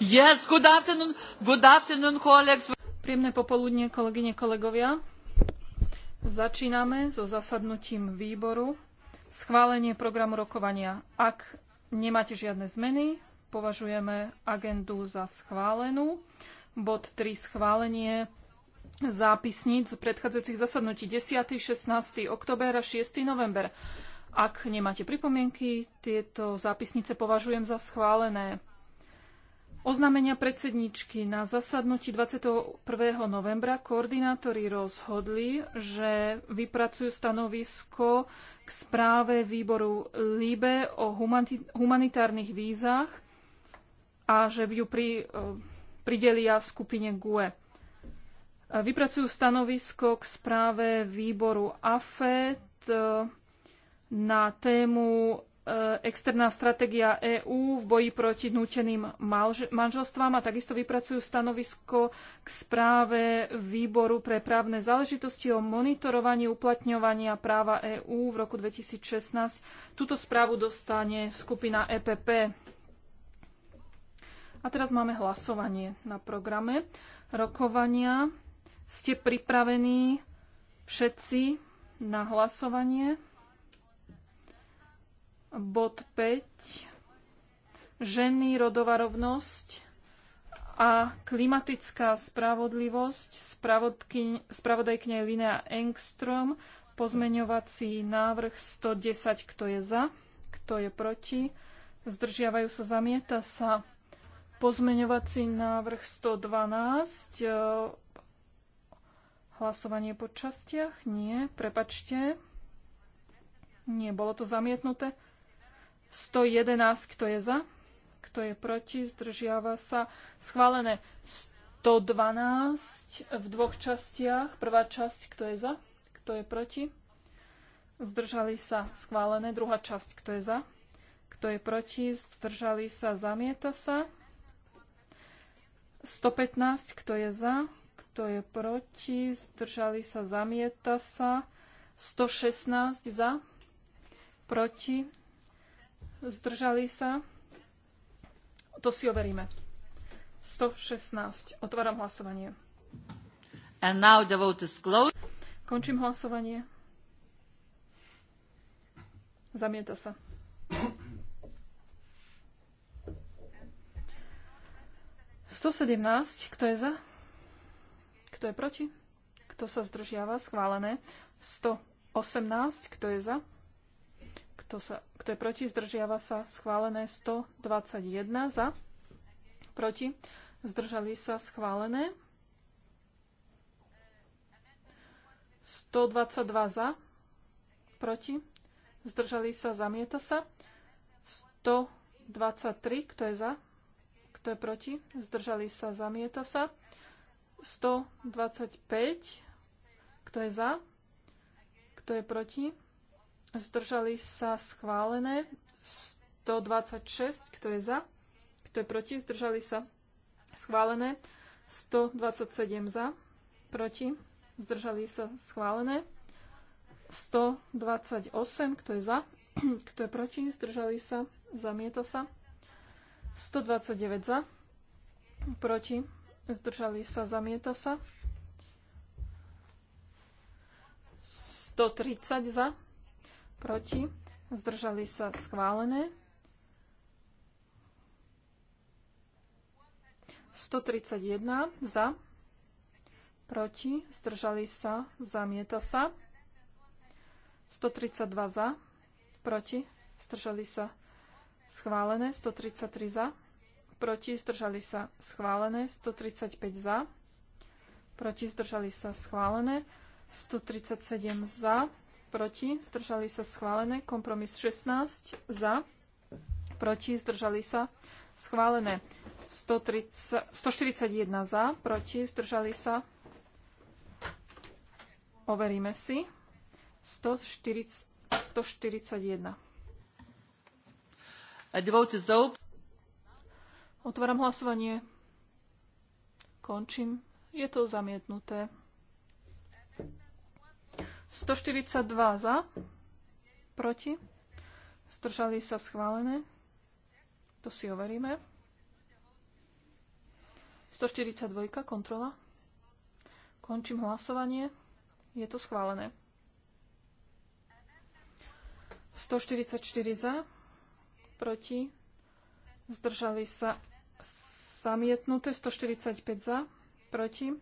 Yes, good afternoon, good afternoon, colleagues. Príjemné popoludne, kolegyne, kolegovia. Začíname so zasadnutím výboru. Schválenie programu rokovania. Ak nemáte žiadne zmeny, považujeme agendu za schválenú. Bod 3 schválenie zápisníc predchádzajúcich zasadnutí 10. 16. október a 6. november. Ak nemáte pripomienky, tieto zápisnice považujem za schválené. Oznámenia predsedničky na zasadnutí 21. novembra koordinátori rozhodli, že vypracujú stanovisko k správe výboru LIBE o humanitárnych vízach a že ju pri, eh, pridelia skupine GUE. Vypracujú stanovisko k správe výboru AFET na tému e, externá stratégia EÚ v boji proti núteným manželstvám a takisto vypracujú stanovisko k správe Výboru pre právne záležitosti o monitorovaní uplatňovania práva EÚ v roku 2016. Túto správu dostane skupina EPP. A teraz máme hlasovanie na programe rokovania. Ste pripravení všetci na hlasovanie? bod 5, ženy, rodová rovnosť a klimatická spravodlivosť, Spravodajkne Linea Engström, pozmeňovací návrh 110, kto je za, kto je proti, zdržiavajú sa, zamieta sa. Pozmeňovací návrh 112, e, hlasovanie po častiach, nie, prepačte, nie, bolo to zamietnuté. 111, kto je za, kto je proti, zdržiava sa. Schválené 112 v dvoch častiach. Prvá časť, kto je za, kto je proti. Zdržali sa schválené. Druhá časť, kto je za, kto je proti. Zdržali sa, zamieta sa. 115, kto je za, kto je proti. Zdržali sa, zamieta sa. 116 za, proti zdržali sa. To si overíme. 116. Otváram hlasovanie. And now the vote is closed. Končím hlasovanie. Zamieta sa. Sto sedemnásť. Kto je za? Kto je proti? Kto sa zdržiava? Schválené. Sto 118. Kto je za? Kto, sa, kto je proti? Zdržiava sa. Schválené 121 za. Proti? Zdržali sa. Schválené. 122 za. Proti? Zdržali sa. Zamieta sa. 123. Kto je za? Kto je proti? Zdržali sa. Zamieta sa. 125. Kto je za? Kto je proti? Zdržali sa schválené. 126, kto je za? Kto je proti? Zdržali sa schválené. 127 za, proti, zdržali sa schválené. 128, kto je za, kto je proti, zdržali sa, zamieta sa. 129 za, proti, zdržali sa, zamieta sa. 130 za, proti, zdržali sa schválené. 131 za, proti, zdržali sa, zamieta sa. 132 za, proti, zdržali sa, schválené. 133 za, proti, zdržali sa, schválené. 135 za, proti, zdržali sa, schválené. 137 za, proti, zdržali sa schválené. Kompromis 16 za, proti, zdržali sa schválené. 130, 141 za, proti, zdržali sa. Overíme si. 140, 141. Otváram hlasovanie. Končím. Je to zamietnuté. 142 za, proti, zdržali sa schválené. To si overíme. 142, kontrola. Končím hlasovanie. Je to schválené. 144 za, proti, zdržali sa zamietnuté, 145 za, proti,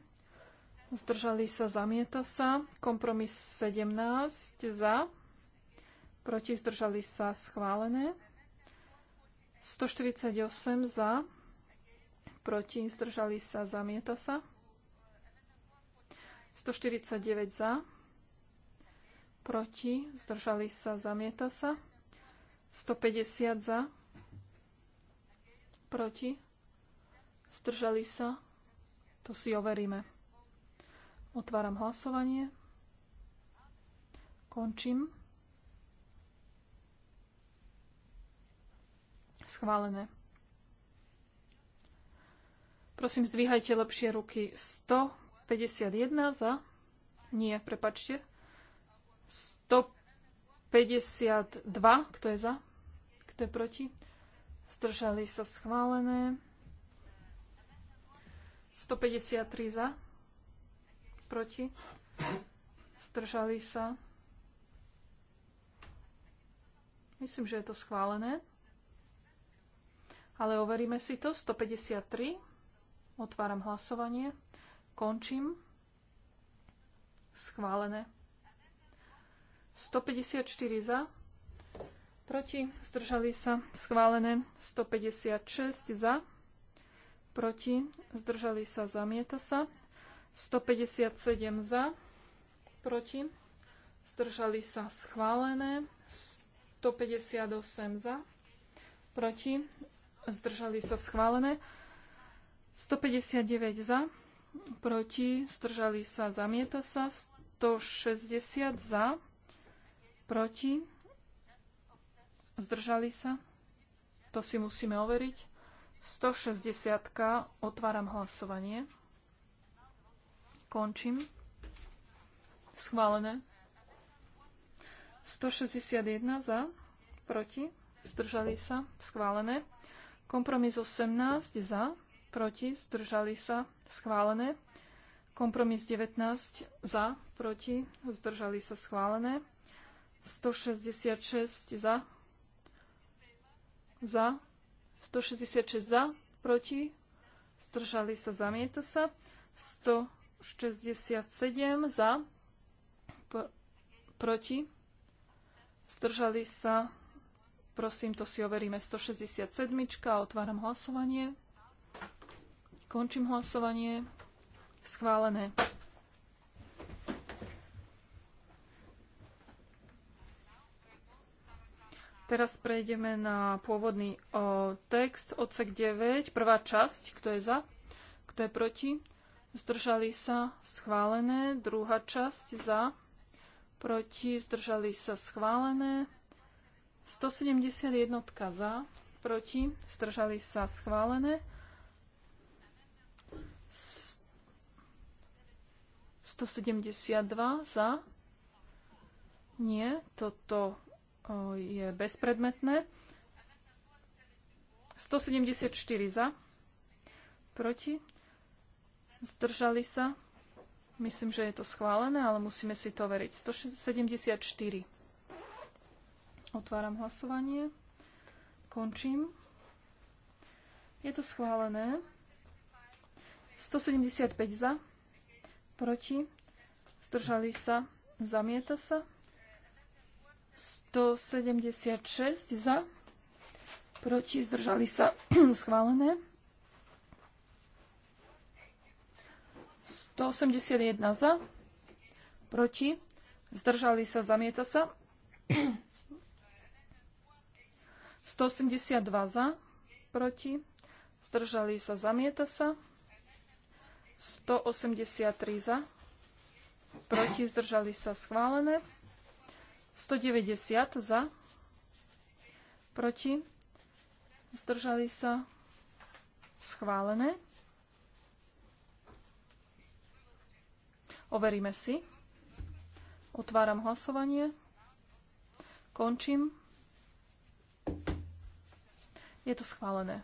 zdržali sa, zamieta sa. Kompromis 17 za, proti zdržali sa, schválené. 148 za, proti zdržali sa, zamieta sa. 149 za, proti zdržali sa, zamieta sa. 150 za, proti zdržali sa, to si overíme. Otváram hlasovanie. Končím. Schválené. Prosím, zdvíhajte lepšie ruky. 151 za. Nie, prepačte. 152. Kto je za? Kto je proti? Stržali sa schválené. 153 za proti, zdržali sa. Myslím, že je to schválené. Ale overíme si to. 153. Otváram hlasovanie. Končím. Schválené. 154 za. Proti. Zdržali sa. Schválené. 156 za. Proti. Zdržali sa. Zamieta sa. 157 za, proti, zdržali sa schválené, 158 za, proti, zdržali sa schválené, 159 za, proti, zdržali sa, zamieta sa, 160 za, proti, zdržali sa, to si musíme overiť, 160, otváram hlasovanie. Končím. Schválené. 161 za, proti, zdržali sa, schválené. Kompromis 18 za, proti, zdržali sa, schválené. Kompromis 19 za, proti, zdržali sa, schválené. 166 za, za, 166 za, proti, zdržali sa, zamieta sa. 100 67 za, proti, zdržali sa, prosím, to si overíme, 167, otváram hlasovanie, končím hlasovanie, schválené. Teraz prejdeme na pôvodný o, text, odsek 9, prvá časť, kto je za, kto je proti, zdržali sa schválené, druhá časť za, proti, zdržali sa schválené, 171 za, proti, zdržali sa schválené, 172 za, nie, toto je bezpredmetné, 174 za, proti, Zdržali sa? Myslím, že je to schválené, ale musíme si to veriť. 174. Otváram hlasovanie. Končím. Je to schválené. 175 za. Proti. Zdržali sa. Zamieta sa. 176 za. Proti. Zdržali sa. schválené. 181 za, proti, zdržali sa, zamieta sa. 182 za, proti, zdržali sa, zamieta sa. 183 za, proti, zdržali sa, schválené. 190 za, proti, zdržali sa, schválené. Overíme si. Otváram hlasovanie. Končím. Je to schválené.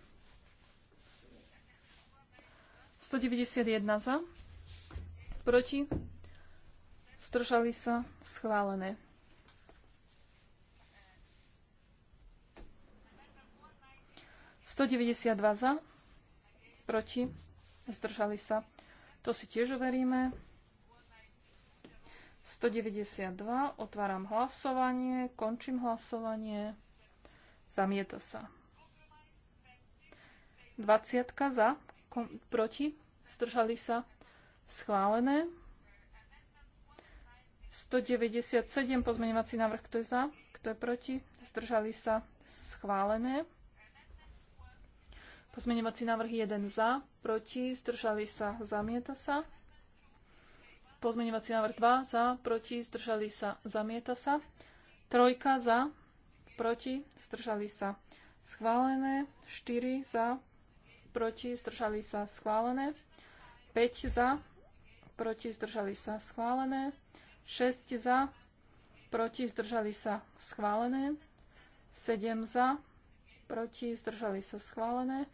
191 za. Proti. stržali sa. Schválené. Sto za, proti, zdržali sa. To si tiež overíme. 192. Otváram hlasovanie. Končím hlasovanie. Zamieta sa. 20 za, kom, proti, zdržali sa, schválené. 197 pozmeňovací návrh, kto je za, kto je proti, zdržali sa, schválené. Pozmeňovací návrh 1 za, proti, zdržali sa, zamieta sa. Pozmeňovací návrh 2 za, proti, zdržali sa, zamieta sa. Trojka za, proti, zdržali sa, schválené. 4 za, proti, zdržali sa, schválené. 5 za, proti, zdržali sa, schválené. 6 za, proti, zdržali sa, schválené. 7 za, proti, zdržali sa, schválené.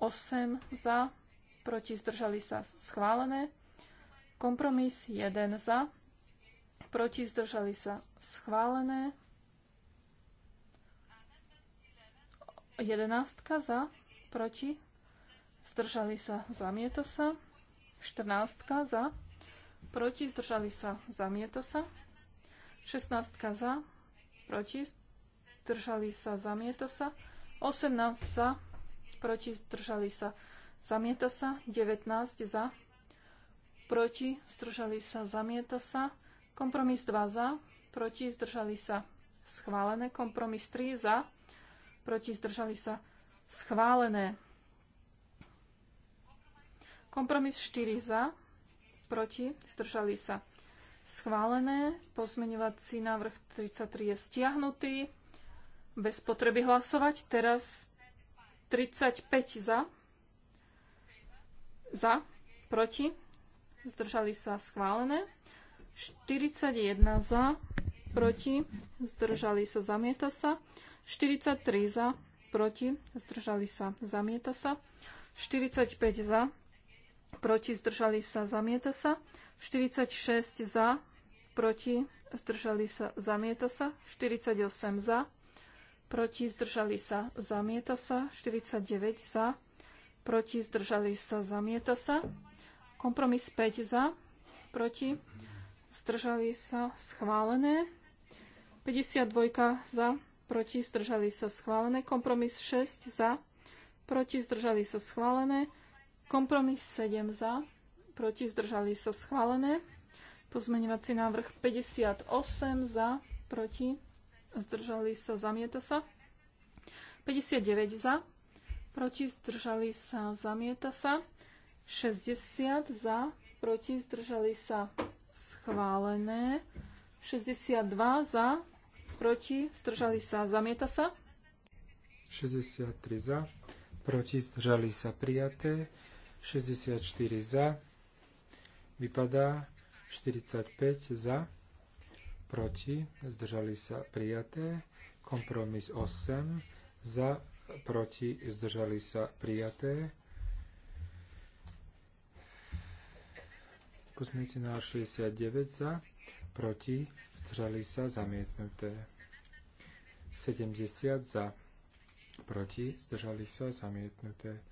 8 za, proti, zdržali sa, schválené. Kompromis 1 za, proti zdržali sa schválené. 11 za, proti zdržali sa, zamieta sa. 14 za, proti zdržali sa, zamieta sa. 16 za, proti zdržali sa, zamieta sa. 18 za, proti zdržali sa, zamieta sa. 19 za, proti, zdržali sa, zamieta sa. Kompromis 2 za, proti, zdržali sa, schválené. Kompromis 3 za, proti, zdržali sa, schválené. Kompromis 4 za, proti, zdržali sa, schválené. Pozmeňovací návrh 33 je stiahnutý. Bez potreby hlasovať. Teraz 35 za. Za. Proti zdržali sa schválené. 41 za, proti, zdržali sa, zamieta sa. 43 za, proti, zdržali sa, zamieta sa. 45 za, proti, zdržali sa, zamieta sa. 46 za, proti, zdržali sa, zamieta sa. 48 za, proti, zdržali sa, zamieta sa. 49 za, proti, zdržali sa, zamieta sa. Kompromis 5 za, proti, zdržali sa schválené. 52 za, proti, zdržali sa schválené. Kompromis 6 za, proti, zdržali sa schválené. Kompromis 7 za, proti, zdržali sa schválené. Pozmeňovací návrh 58 za, proti, zdržali sa, zamieta sa. 59 za, proti, zdržali sa, zamieta sa. 60 za, proti, zdržali sa schválené. 62 za, proti, zdržali sa, zamieta sa. 63 za, proti, zdržali sa, prijaté. 64 za, vypadá. 45 za, proti, zdržali sa, prijaté. Kompromis 8 za, proti, zdržali sa, prijaté. Pozmiete na 69 za, proti, zdržali sa, zamietnuté. 70 za, proti, zdržali sa, zamietnuté.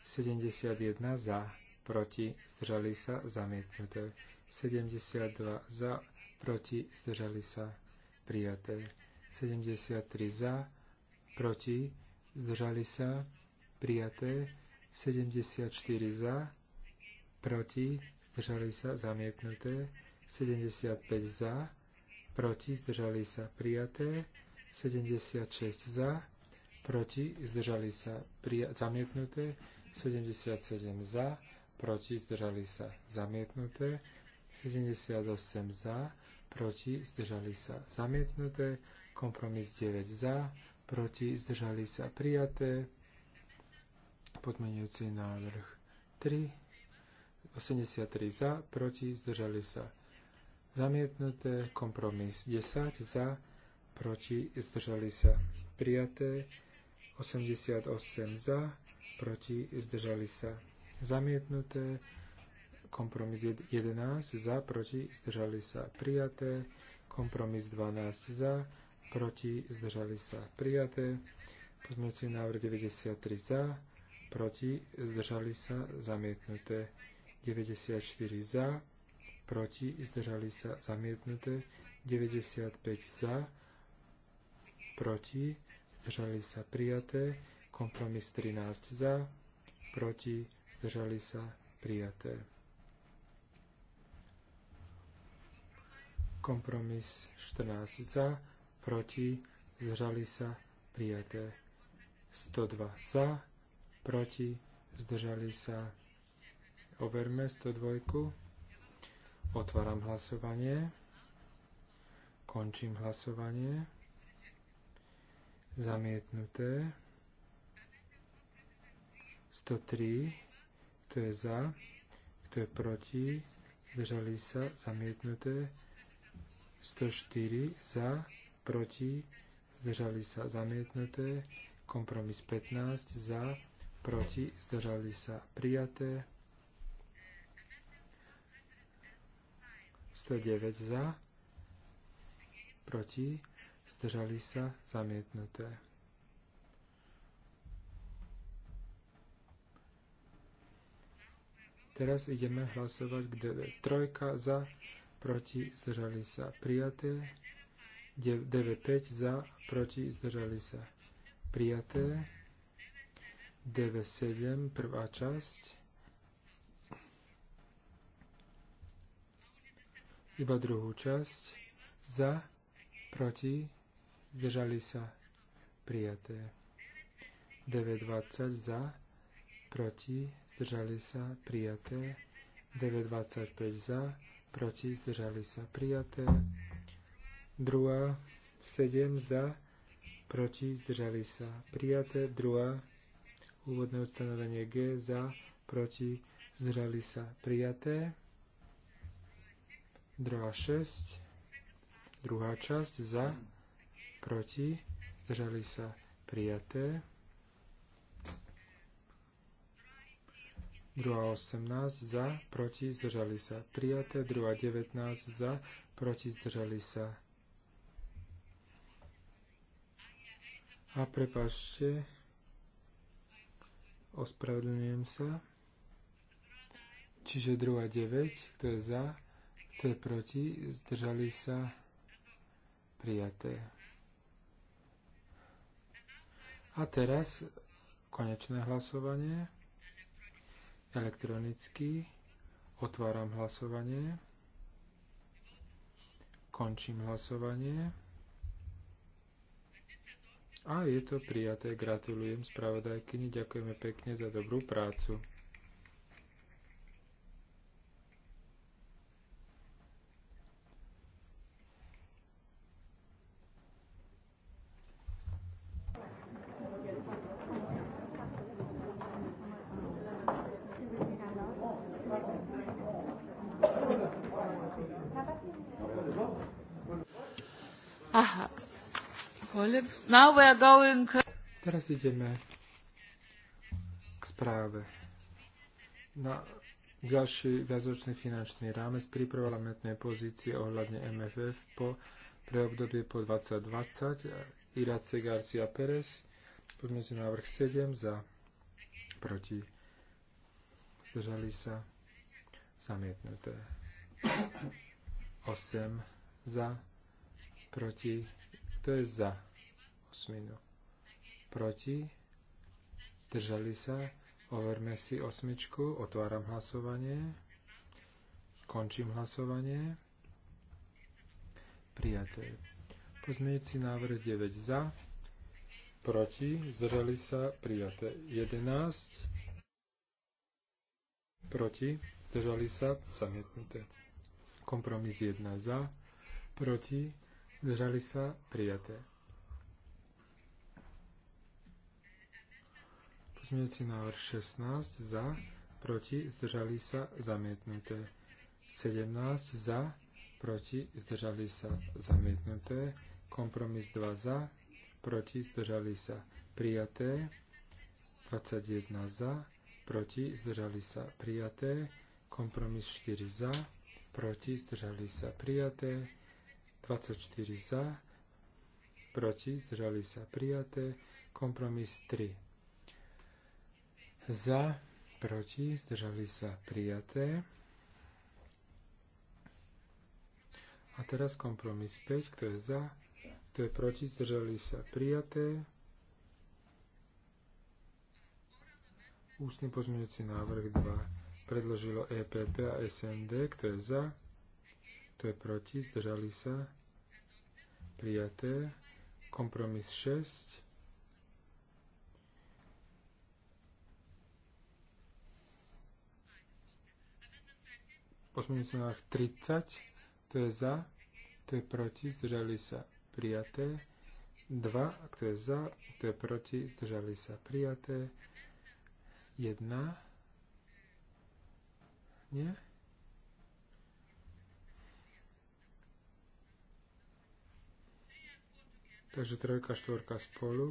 71 za, proti, zdržali sa, zamietnuté. 72 za, proti, zdržali sa, prijaté. 73 za, proti, zdržali sa, prijaté. 74 za, proti, zdržali sa, zamietnuté, 75 za, proti, zdržali sa, prijaté, 76 za, proti, zdržali sa, prija- zamietnuté, 77 za, proti, zdržali sa, zamietnuté, 78 za, proti, zdržali sa, zamietnuté, kompromis 9 za, proti, zdržali sa, prijaté, podmenujúci návrh 3 83 za, proti, zdržali sa. Zamietnuté, kompromis 10 za, proti, zdržali sa. Prijaté, 88 za, proti, zdržali sa. Zamietnuté, kompromis 11 za, proti, zdržali sa. Prijaté, kompromis 12 za, proti, zdržali sa. Prijaté, pozmeňujúci návrh 93 za, proti, zdržali sa. Zamietnuté, 94 za, proti, zdržali sa zamietnuté, 95 za, proti, zdržali sa prijaté, kompromis 13 za, proti, zdržali sa prijaté. Kompromis 14 za, proti, zdržali sa prijaté. 102 za, proti, zdržali sa prijaté. Overme 102. Otváram hlasovanie. Končím hlasovanie. Zamietnuté. 103. Kto je za? Kto je proti? Zdržali sa. Zamietnuté. 104. Za. Proti. Zdržali sa. Zamietnuté. Kompromis 15. Za. Proti. Zdržali sa. Prijaté. 109 za, proti, zdržali sa, zamietnuté. Teraz ideme hlasovať k 9. Trojka za, proti, zdržali sa, prijaté. 9.5 za, proti, zdržali sa, prijaté. 9.7, prvá časť iba druhú časť. Za, proti, zdržali sa prijaté. 9.20 za, proti, zdržali sa prijaté. 9.25 za, proti, zdržali sa prijaté. Druhá, 7 za, proti, zdržali sa prijaté. Druhá, úvodné ustanovenie G za, proti, zdržali sa prijaté. 2.6, druhá časť za, proti, zdržali sa prijaté. 2.18 za, proti, zdržali sa prijaté. 2.19 za, proti, zdržali sa. A prepašte, ospravedlňujem sa. Čiže 9, kto je za, to je proti, zdržali sa prijaté. A teraz konečné hlasovanie. Elektronicky otváram hlasovanie. Končím hlasovanie. A je to prijaté. Gratulujem spravodajkyni. Ďakujeme pekne za dobrú prácu. Aha. Now we are going... Teraz ideme k správe. Na ďalší viazočný finančný rámec príprava lamentnej pozície ohľadne MFF po pre obdobie po 2020 Irace Garcia Perez pozmeňujúci návrh 7 za proti zdržali sa zamietnuté 8 za proti, kto je za osminu, proti, držali sa, overme si osmičku, otváram hlasovanie, končím hlasovanie, prijaté. Pozmeňujúci návrh 9 za, proti, zdržali sa, prijaté. 11, proti, zdržali sa, zamietnuté. Kompromis 1 za, proti, Zdržali sa? Prijaté. Pozmeňujúci návrh 16 za, proti, zdržali sa, zamietnuté. 17 za, proti, zdržali sa, zamietnuté. Kompromis 2 za, proti, zdržali sa, prijaté. 21 za, proti, zdržali sa, prijaté. Kompromis 4 za, proti, zdržali sa, prijaté. 24 za, proti, zdržali sa prijaté, kompromis 3 za, proti, zdržali sa prijaté. A teraz kompromis 5, kto je za, kto je proti, zdržali sa prijaté. Ústny pozmeňujúci návrh 2 predložilo EPP a SND, kto je za, kto je proti? Zdržali sa? Prijaté. Kompromis 6. Pozmeňujúci návrh 30. Kto je za? Kto je proti? Zdržali sa? Prijaté. 2. Kto je za? Kto je proti? Zdržali sa? Prijaté. 1. Nie? Takže trojka, štvorka spolu.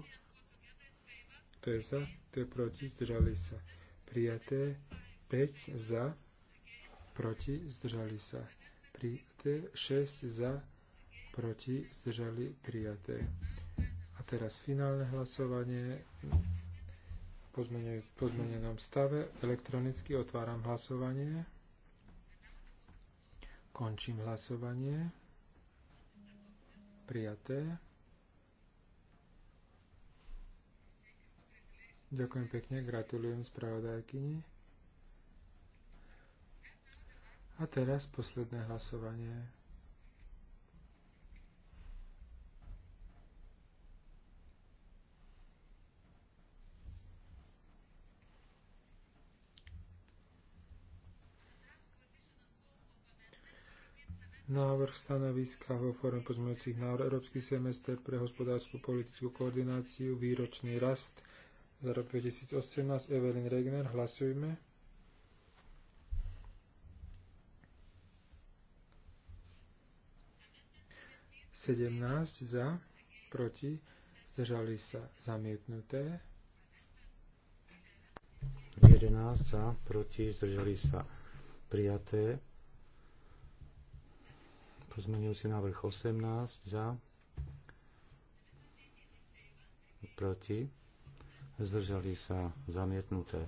To je za, to je proti, zdržali sa. Prijaté. 5 za, proti, zdržali sa. Prijaté. 6 za, proti, zdržali, prijaté. A teraz finálne hlasovanie po pozmenenom stave. Elektronicky otváram hlasovanie. Končím hlasovanie. Prijaté. Ďakujem pekne, gratulujem spravodajkyni. A teraz posledné hlasovanie. návrh stanoviska vo forme pozmeňujúcich návrh Európsky semester pre hospodárskú politickú koordináciu, výročný rast za rok 2018 Evelyn Regner. Hlasujme. Sedemnáct za, proti, zdržali sa zamietnuté. 11 za, proti, zdržali sa prijaté. si návrh 18 za, proti, zdržali sa zamietnuté.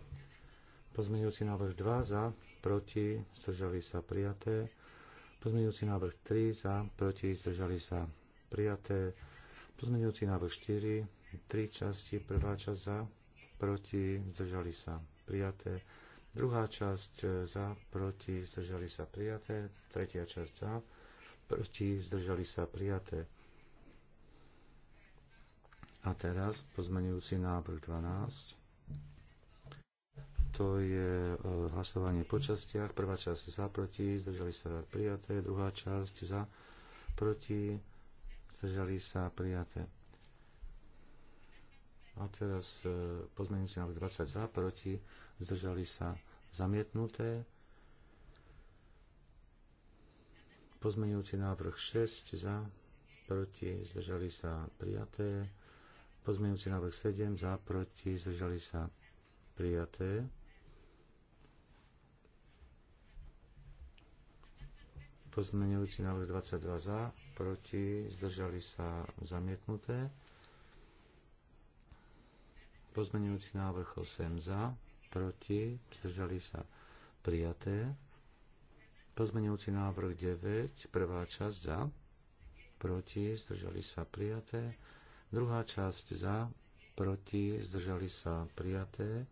Pozmeňujúci návrh 2 za, proti, zdržali sa prijaté. Pozmeňujúci návrh 3 za, proti, zdržali sa prijaté. Pozmeňujúci návrh 4, 3 časti, prvá časť za, proti, zdržali sa prijaté. Druhá časť e, za, proti, zdržali sa prijaté. Tretia časť za, proti, zdržali sa prijaté. A teraz pozmenujúci návrh 12. To je e, hlasovanie po častiach. Prvá časť za, proti, zdržali sa prijaté. Druhá časť za, proti, zdržali sa prijaté. A teraz e, pozmenujúci návrh 20 za, proti, zdržali sa zamietnuté. Pozmenujúci návrh 6 za, proti, zdržali sa prijaté. Pozmeňujúci návrh 7 za, proti, zdržali sa prijaté. Pozmeňujúci návrh 22 za, proti, zdržali sa zamietnuté. Pozmeňujúci návrh 8 za, proti, zdržali sa prijaté. Pozmeňujúci návrh 9, prvá časť za, proti, zdržali sa prijaté. Druhá časť za, proti, zdržali sa prijaté.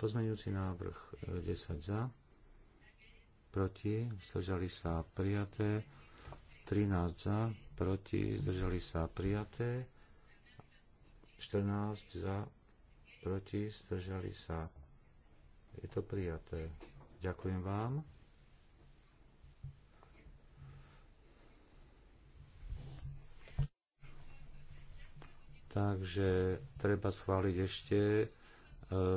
Pozmeňujúci návrh 10 e, za, proti, zdržali sa prijaté. 13 za, proti, zdržali sa prijaté. 14 za, proti, zdržali sa. Je to prijaté. Ďakujem vám. Takže treba schváliť ešte e,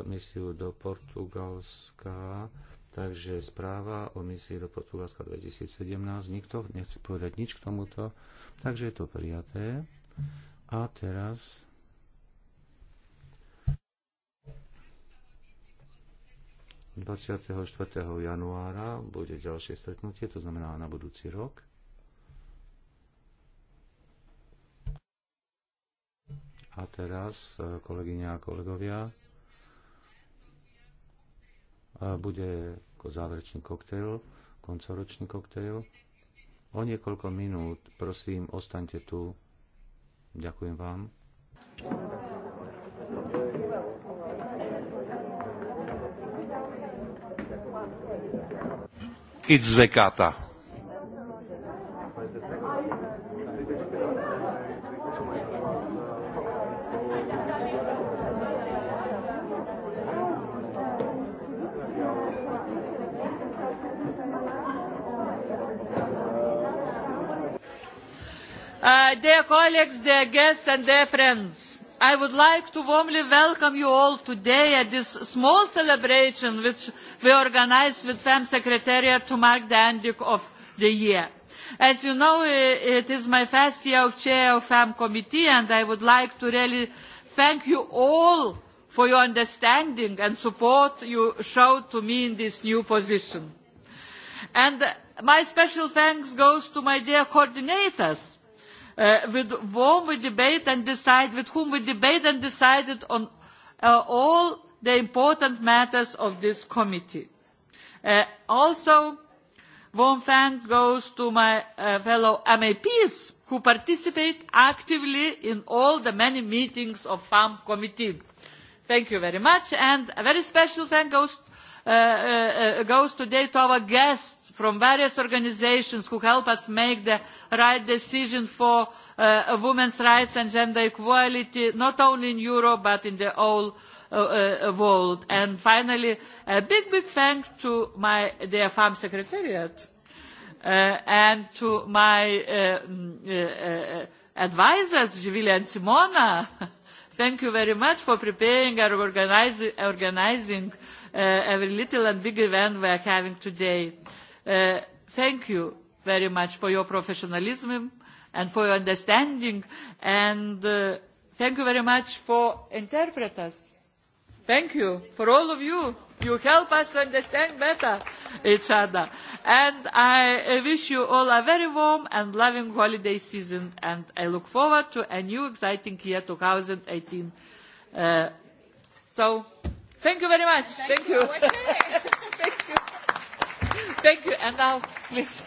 misiu do Portugalska. Takže správa o misii do Portugalska 2017. Nikto nechce povedať nič k tomuto. Takže je to prijaté. A teraz ...24. januára bude ďalšie stretnutie, to znamená na budúci rok. A teraz, e, kolegyne a kolegovia, e, bude záverečný koktejl, koncoročný koktejl. O niekoľko minút, prosím, ostaňte tu. Ďakujem vám. It's the colleagues, dear guests and dear friends, I would like to warmly welcome you all today at this small celebration which we organized with FEM Secretariat to mark the end of the year. As you know, it is my first year of chair of FEM committee and I would like to really thank you all for your understanding and support you showed to me in this new position. And my special thanks goes to my dear coordinators uh, with whom we debate and decide, with whom we debate and decided on uh, all the important matters of this committee. Uh, also, warm thanks goes to my uh, fellow MAPs who participate actively in all the many meetings of FAM committee. Thank you very much, and a very special thank goes, uh, uh, goes today to our guests from various organisations who help us make the right decision for uh, women's rights and gender equality, not only in Europe but in the whole uh, uh, world. And finally, a big, big thanks to my dear farm secretariat and to my advisers, uh, mm, and Simona. Thank you very much for preparing and organising every little and big event we are having today. Uh, thank you very much for your professionalism and for your understanding. And uh, thank you very much for interpreters. Thank you for all of you. You help us to understand better each other. And I uh, wish you all a very warm and loving holiday season. And I look forward to a new exciting year 2018. Uh, so, thank you very much. Thank you. thank you. Thank you. And now, please.